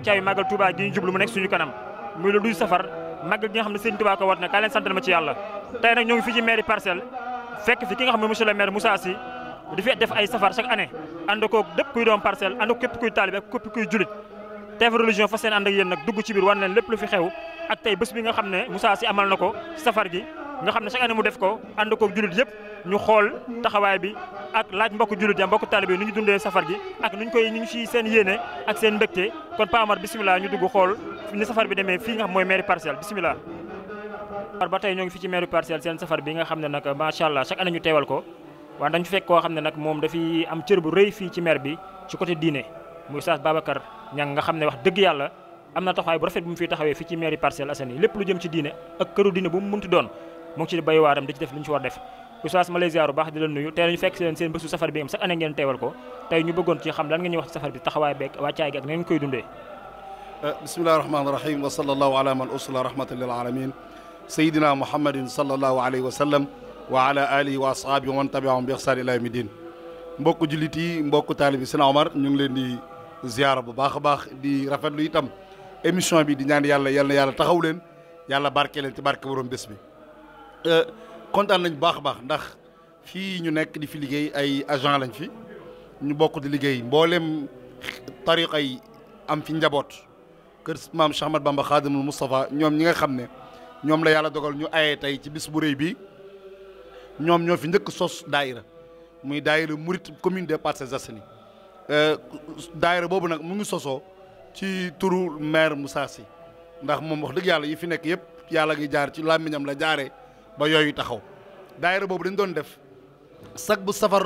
wàccaayu màggal Touba gi ñu mu nekk suñu kanam muy le 12 safar màggal gi nga xam ne sëñ Touba ko wat na kaa leen santal ma ci yàlla tey nag ñoo ngi fii ci mairie parcelle fekk fi ki nga xam ne monsieur le di fi def ay safar chaque année ànd dëpp kuy doom parcelle ànd ko kuy taalibe ak kuy julit teef religion fas yéene ànd ak yéen dugg ci biir wan lépp lu fi xew ak tey bés bi nga xam ne Moussa Sy amal na ko safar gi nga xam ne chaque année mu def ko ànd ko jullit yëpp ñu xool taxawaay bi ak laaj mbokk jullit ya mbokk taalibe yi nu ñu dundee safar gi ak nu ñu koy ñu ngi si seen yéene ak seen mbégte kon Pa Omar bisimilah ñu dugg xool ni safar bi demee fii nga xam mooy mairie parcelle bisimilah. ba tey ñoo ngi fi ci mairie parcelle seen safar bi nga xam ne nag macha allah chaque année ñu teewal ko waaye dañu fekk koo xam ne nag moom dafay am cër bu rëy fii ci maire bi ci côté diine muy Oustaz Babacar Niang nga xam ne wax dëgg yàlla am na taxawaay bu rafet bu mu fi taxawee fii ci mairie Parcelles lépp lu jëm ci diine ak këru diine bu doon mu ngi ci bay waaram di ci def li ñu ci war def oustaz ma lay ziaru baax di la nuyu tey lañu fekk seen seen bésu safar bi am chaque année ngeen teewal ko tey ñu bëggoon ci xam lan nga ñuy safar bi taxawaay beeg wàccaay gi ak ngeen koy dundee euh, bismillahi rahmaani rahim wa sallallahu ala man usla rahmatan lil alamin wa wa ala alihi wa wa man tabiahum bi ihsan ila yawmi din mbokku jullit yi mbokku taalibi sina omar ñu ngi leen di ziara bu baax a baax di rafet rafetlu itam émission bi di ñaan yàlla yàlla yàlla taxaw leen yàlla barke leen ci barke borom bés bi Euh, kontaan nañ baax a baax ndax fii ñu nekk di fi liggéey ay agent lañ fi ñu bokk di liggéey mboolem tariqa yi am fi njaboot kër maam Cheikh Ahmad Bamba Xaadimul Moustapha ñoom ñi nga xam ne ñoom la yàlla dogal ñu ayee tey ci bis bu rëy bi ñoom ñoo fi njëkk sos daayira muy daayira murit commune des Parcelles Assainies euh, daayira boobu nag mu ngi sosoo ci turu maire Moussa Sy ndax moom wax dëgg yàlla yi fi nekk yëpp yàlla ngi jaar ci làmmiñam la jaaree ba yooyu taxaw daayira boobu dañ doon def sag bu safar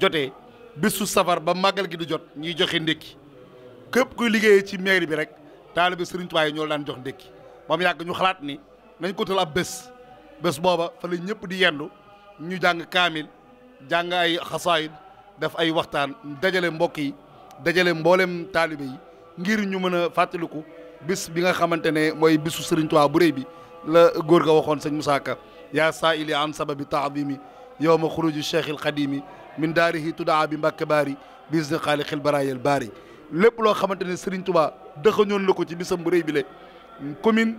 jotee bésu safar ba màggal gi du jot ñuy joxe ndékki képp kuy liggéeye ci mairie bi rek taalibe Sëriñ Tuubaa yi ñoo daan jox ndékki moom yàgg ñu xalaat ni nañ ko tal ab bés booba fa la ñëpp di yendu ñu jàng kaamil jàng ay xasaayid def ay waxtaan dajale mbokk yi dajale mboolem taalibe yi ngir ñu mën a fàttaliku bis bi nga xamante ne mooy bisu Sëriñ Tuubaa bu réy bi la góor ga waxoon sëñ Musaa Ka yaa saa'ili an sababi taadimi yowma xuruju cheikh il xadimi min daarihi tudaa bi mbàkke baari bisni xaaliqil baraayal baari lépp loo xamante ne Serigne Touba dëxañoon na ko ci bisam bu rëy bi le commune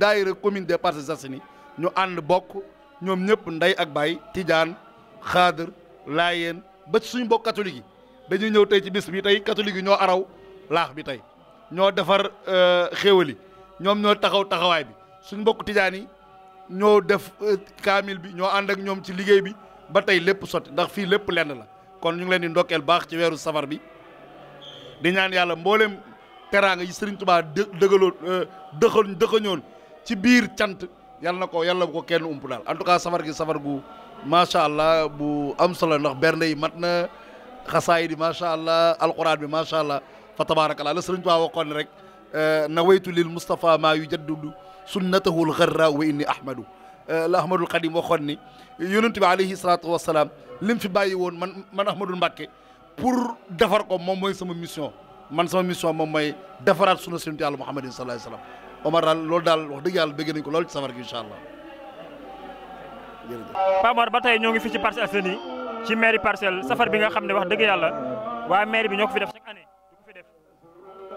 daayira commune des Parcelles Assainies ñu ànd bokk ñoom ñëpp ndey ak baay tijaan xaadir laayeen ba ci suñu bokk catholique yi dañuy ñëw tey ci bis bi tey catholique yi ñoo araw laax bi tey ñoo defar xéewali ñoom ñoo taxaw taxawaay bi suñu bokk tijaan ñoo def euh, kaamil bi ñoo ànd ak ñoom ci liggéey bi ba tey lépp sot ndax fii lépp lenn la kon ñu ngi leen di ndokkeel baax ci weeru safar bi di ñaan yàlla mbooleem teraanga yi Serigne Touba dë dëggaloo euh, dëxañ dëxañoon ci biir cant yàlla na ko yàlla bu ko kenn ump daal en tout cas safar gi safar gu macha allah bu am solo ndax bernde yi mat na xasaay di macha allah alquran bi macha allah fa tabarakallah la Serigne Touba waxoon rek. Eh, nawaytu lil Moustapha maa yu jaddidu sunnatahu lgarra wa inni ahmadu eh, la ahmadul xadim waxoon ni yonent bi alayhi salaatu wasalaam lim fi bàyyi woon man man ahmadul mbàkke pour defar ko moom mooy sama mission man sama mission moom mooy defaraat sunna sunnat yàlla muhammadin sallallahu alayhi wasallam Omar daal loolu daal wax dëgg yàlla bëgg nañ ko lool ci safar gi incha allah jërëjëf Pamor ba tey ñoo ngi fi ci Parcelles Assainies ci mairie parcelle safar bi nga xam ne wax dëgg yàlla waa mairie bi ñoo ko fi def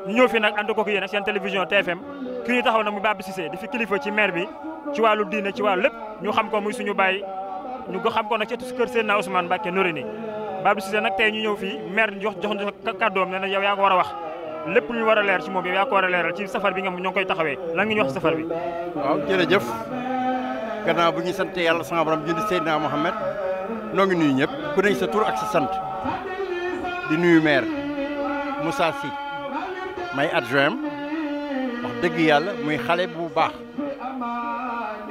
ñu ñëw fi nag ànd ko yéen ak seen télévision TFM ki ñu taxaw nag mu Babou Cissé di fi kilifa ci maire bi ci wàllu diine ci wàllu lépp ñu xam ko muy suñu baay ñu ko xam ko nag ci kër Seydina Ousmane Mbacké Noreyni Babou Cissé nag tey ñu ñëw fii maire jox jox kàddoom ne na yow yaa ko war a wax lépp lu ñu war a leer ci moom yow yaa ko war a leeral ci safar bi nga ñoo koy taxawee lan nga ñu wax safar bi waaw jërëjëf gannaaw bu ñu sant yàlla sama borom jënd Seydina Mohamed noo ngi nuyu ñëpp ku nekk sa tur ak sa sant di nuyu maire Moussa may adjoint wax dëgg yàlla muy xale bu baax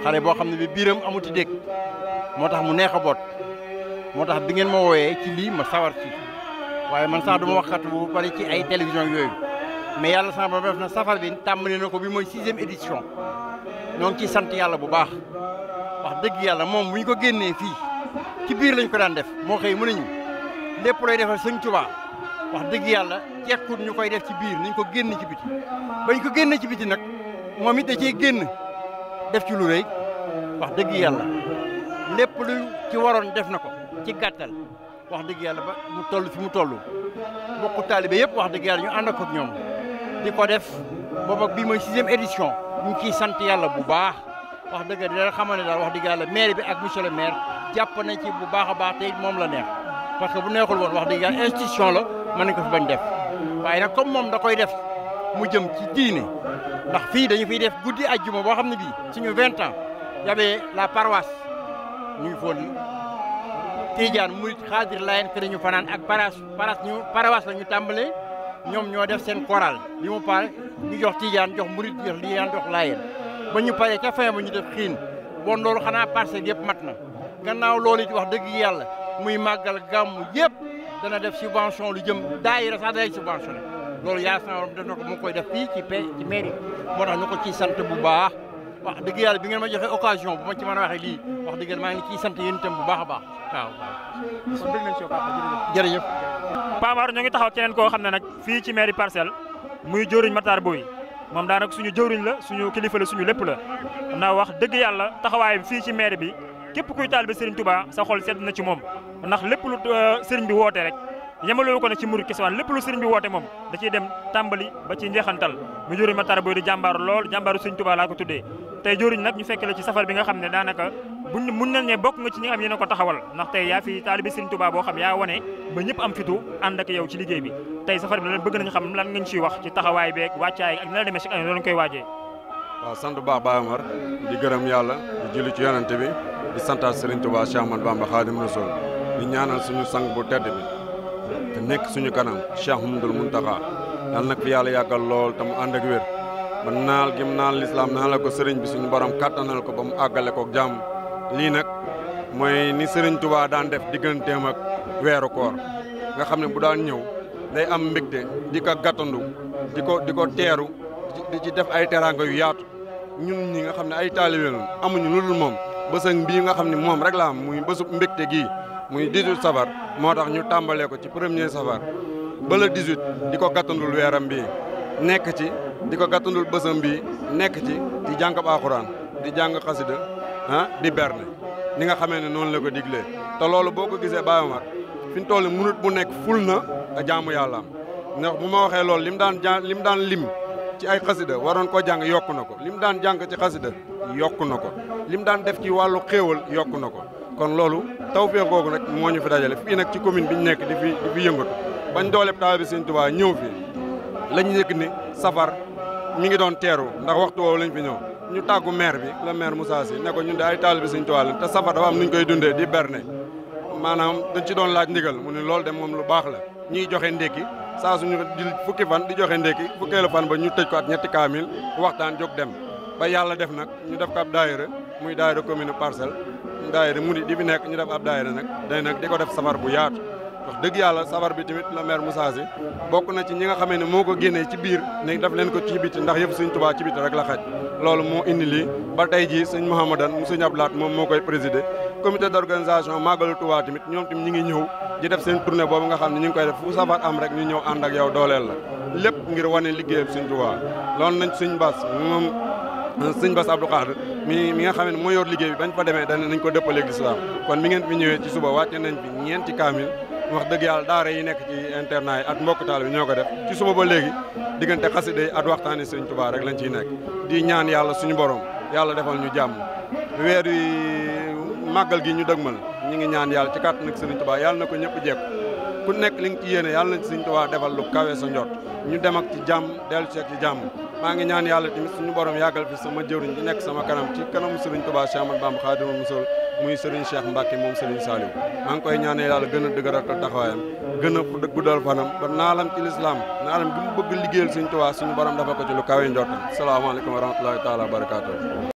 xale boo xam ne bi biiram amuti dégg moo tax mu neex a boot moo tax bi ngeen ma wooyee ci lii ma sawar ci waaye man sax du ma waxkat bu bari ci ay télévision yooyu mais yàlla sax ba def na safar bi tàmbali na ko bi mooy sixième édition ñoo ngi ciy sant yàlla bu baax wax dëgg yàlla moom bu ñu ko génnee fii ci biir lañ ko daan def moo xëy mën nañu lépp looy defal sëñ Tuubaa wax dëgg yàlla jekkut ñu koy def ci biir ñu ko génn ci biti bañ ko génn ci biti nag moom it da cee génn def ci lu rëy wax dëgg yàlla lépp lu ci waroon def na ko ci gàttal wax dëgg yàlla ba mu toll fi mu toll bokku taalibe yëpp wax dëgg yàlla ñu ànd ak ñoom di ko def boobu ak bii mooy sixième édition ñu ngi ciy sant yàlla bu baax wax dëgg yàlla xamal ne daal wax dëgg yàlla maire bi ak monsieur le maire ci bu baax a baax te moom la neex la mën nañ ko fi bañ def waaye nag comme moom da koy def mu jëm ci diine ndax fii dañu fiy def guddi ajjuma boo xam ne bii suñu vingt ans yabee la paroisse ñu ngi foon Tidiane murit xaadir layen ke dañu fanaan ak paras paras ñu paroisse la ñu tàmbalee ñoom ñoo def seen chorale bi mu pare ñu jox Tidiane jox murit jox Liyane jox layen ba ñu paree ca fin ba ñu def xiin bon loolu xanaa parce que yëpp mat na gannaaw loolu it wax dëgg yàlla muy màggal gàmm yëpp dana def subvention lu jëm daayira sax day subventionné loolu yaa sama def na ko mu koy def fii ci paie ci mairie moo tax ñu ko sant bu baax wax dëgg yàlla bi ngeen ma joxe occasion bu ma ci mën a waxee lii wax dëgg ma maa ngi ciy sant yéen itam bu baax a baax waaw. kon dégg nañ si jër jërëjëf. Pamar ñu ngi taxaw keneen koo xam ne nag fii ci mairie parcel muy jëriñ Matar Boy moom daanak suñu jëwriñ la suñu kilifa la suñu lépp la na wax dëgg yàlla taxawaay bi ci mairie bi képp kuy taalibe Serigne Touba sa xol sedd na ci moom ndax lépp lu euh, Serigne bi woote rek yemaloo ko ne ci murid kese waan lépp lu Serigne bi woote moom da ciy dem tàmbali ba ci njeexantal mu jëriñ ma tara boy di jàmbaaru lool jàmbaaru Serigne Touba laa ko tuddee tey jëriñ nag ñu fekk la ci safar bi nga xam ne daanaka buñ mun nañ ne bokk nga ci ñi nga xam ko taxawal ndax tey yaa fi taalibe Serigne boo xam yaa wane ba ñëpp am fitu ànd ak yow ci liggéey bi tey safar bëgg nañ xam lan nga ñu wax ci taxawaay beeg wàccaay ak na la demee chaque année loolu waa sant baax Baye Omar di gërëm yàlla di julli ci yonent bi di santaat Serigne Touba Cheikh Ahmadou Bamba Khadim Rasoul di ñaanal suñu sang bu tedd bi te nekk suñu kanam Cheikh Mouhamadoul Mountakha yàlla nag fi yàlla yàggal lool te mu ànd ak wér ba naal gim naal lislaam naa ko sëriñ bi suñu borom kattanal ko ba mu àggale ko jàmm lii nag mooy ni Serigne Touba daan def digganteem ak weeru koor nga xam ne bu daan ñëw day am mbégte di ko gàttandu di ko di ko ñun ñi nga xam ne ay taalibe lañu amuñu lu dul moom bësëg bii nga xam ne moom rek la am muy bësu mbégte gii muy 18 safar moo tax ñu tàmbalee ko ci premier safar ba le 18 di ko gàttandul weeram bi nekk ci di ko gàttandul bësëm bi nekk ci di jàng alxuraan di jàng xasida ah di berne ni nga xamee ne noonu la ko diglee te loolu boo ko gisee Baye Omar fi mu toll bu nekk ful na jaamu yàlla am ndax mu ma waxee loolu lim daan ja lim daan lim ci ay xasida waroon ko jàng yokku na ko li mu daan jàng ci xasida yokk na ko li mu daan def ci wàllu xéewal yokk na ko kon loolu taw tawfeex googu nag moo ñu fi dajale fii nag ci commune bi ñu nekk di fi di fi bañ dooleb taal bi Sëñ Tuubaa ñëw fi lañ yëg ni safar mi ngi doon teeru ndax waxtu woowu lañ fi ñëw ñu tàggu maire bi la maire Moussa Sy ne ko ñun de ay taal bi Sëñ Tuubaa lañ te safar dafa nuñ koy dundee di berne maanaam dañ ci doon laaj ndigal mu ne loolu de lu baax la ñuy joxe ndékki saa suñu di fukki fan di joxe ndékki fukkeelu fan ba ñu tëj ko ak ñetti kaamil waxtaan jóg dem ba yàlla def nag ñu def ko ab daayira muy daayira commune parcelle daayira mu di fi nekk ñu def ab daayira nag day nag di ko def safar bu yaatu wax dëgg yàlla safar bi tamit la maire Moussa Sy bokk na ci ñi nga xamee ne moo ko génnee ci biir ne daf leen ko ci biti ndax yëpp suñ tubaa ci biti rek la xaj loolu moo indi lii ba tey jii sëñ Mouhamadan mu sëñ Abdoulaat moom moo koy présider comité d' organisation màggalu Touba tamit ñoom tamit ñi ngi ñëw di def seen tournée boobu nga xam ne ñi ngi koy def fu safar am rek ñu ñëw ànd ak yow dooleel la lépp ngir wane liggéeyam Sëñ Touba loolu nañ Sëñ Bass moom Sëñ Bass Abdou Khadre mi mi nga xam ne moo yor liggéey fa demee dañ nañ ko dëppaleeg lislaam kon mi ngeen fi ñëwee ci suba wàcce nañ fi ñeenti kaamil wax dëgg yàlla daara yi nekk ci internat yi ak mbokk di ñaan yàlla suñu borom yàlla defal ñu jàmm màggal gi ñu dëgmal ñu ngi ñaan yàlla ci kattana ak Serigne Touba yàlla na ko ñëpp jekk ku nekk li nga ci yéene yàlla na ci Serigne Touba defal lu kawe sa njort ñu dem ak ci jàmm dellu seeg ci jàmm maa ngi ñaan yàlla tamit suñu borom yàggal fi sama jëwriñ di nekk sama kanam ci kanamu Serigne Touba Cheikh Ahmadou Bamba Khadimou Rassoul muy Serigne Cheikh Mbacke moom Serigne Saliou maa ngi koy ñaanee yàlla gën a dëgëral taxawaayam gën a guddal fanam ba naalam ci lislaam naalam bi mu bëgg liggéeyal Serigne Touba suñu borom dafa ko ci lu kawe njortam salaamaaleykum wa rahmatullahi taala wa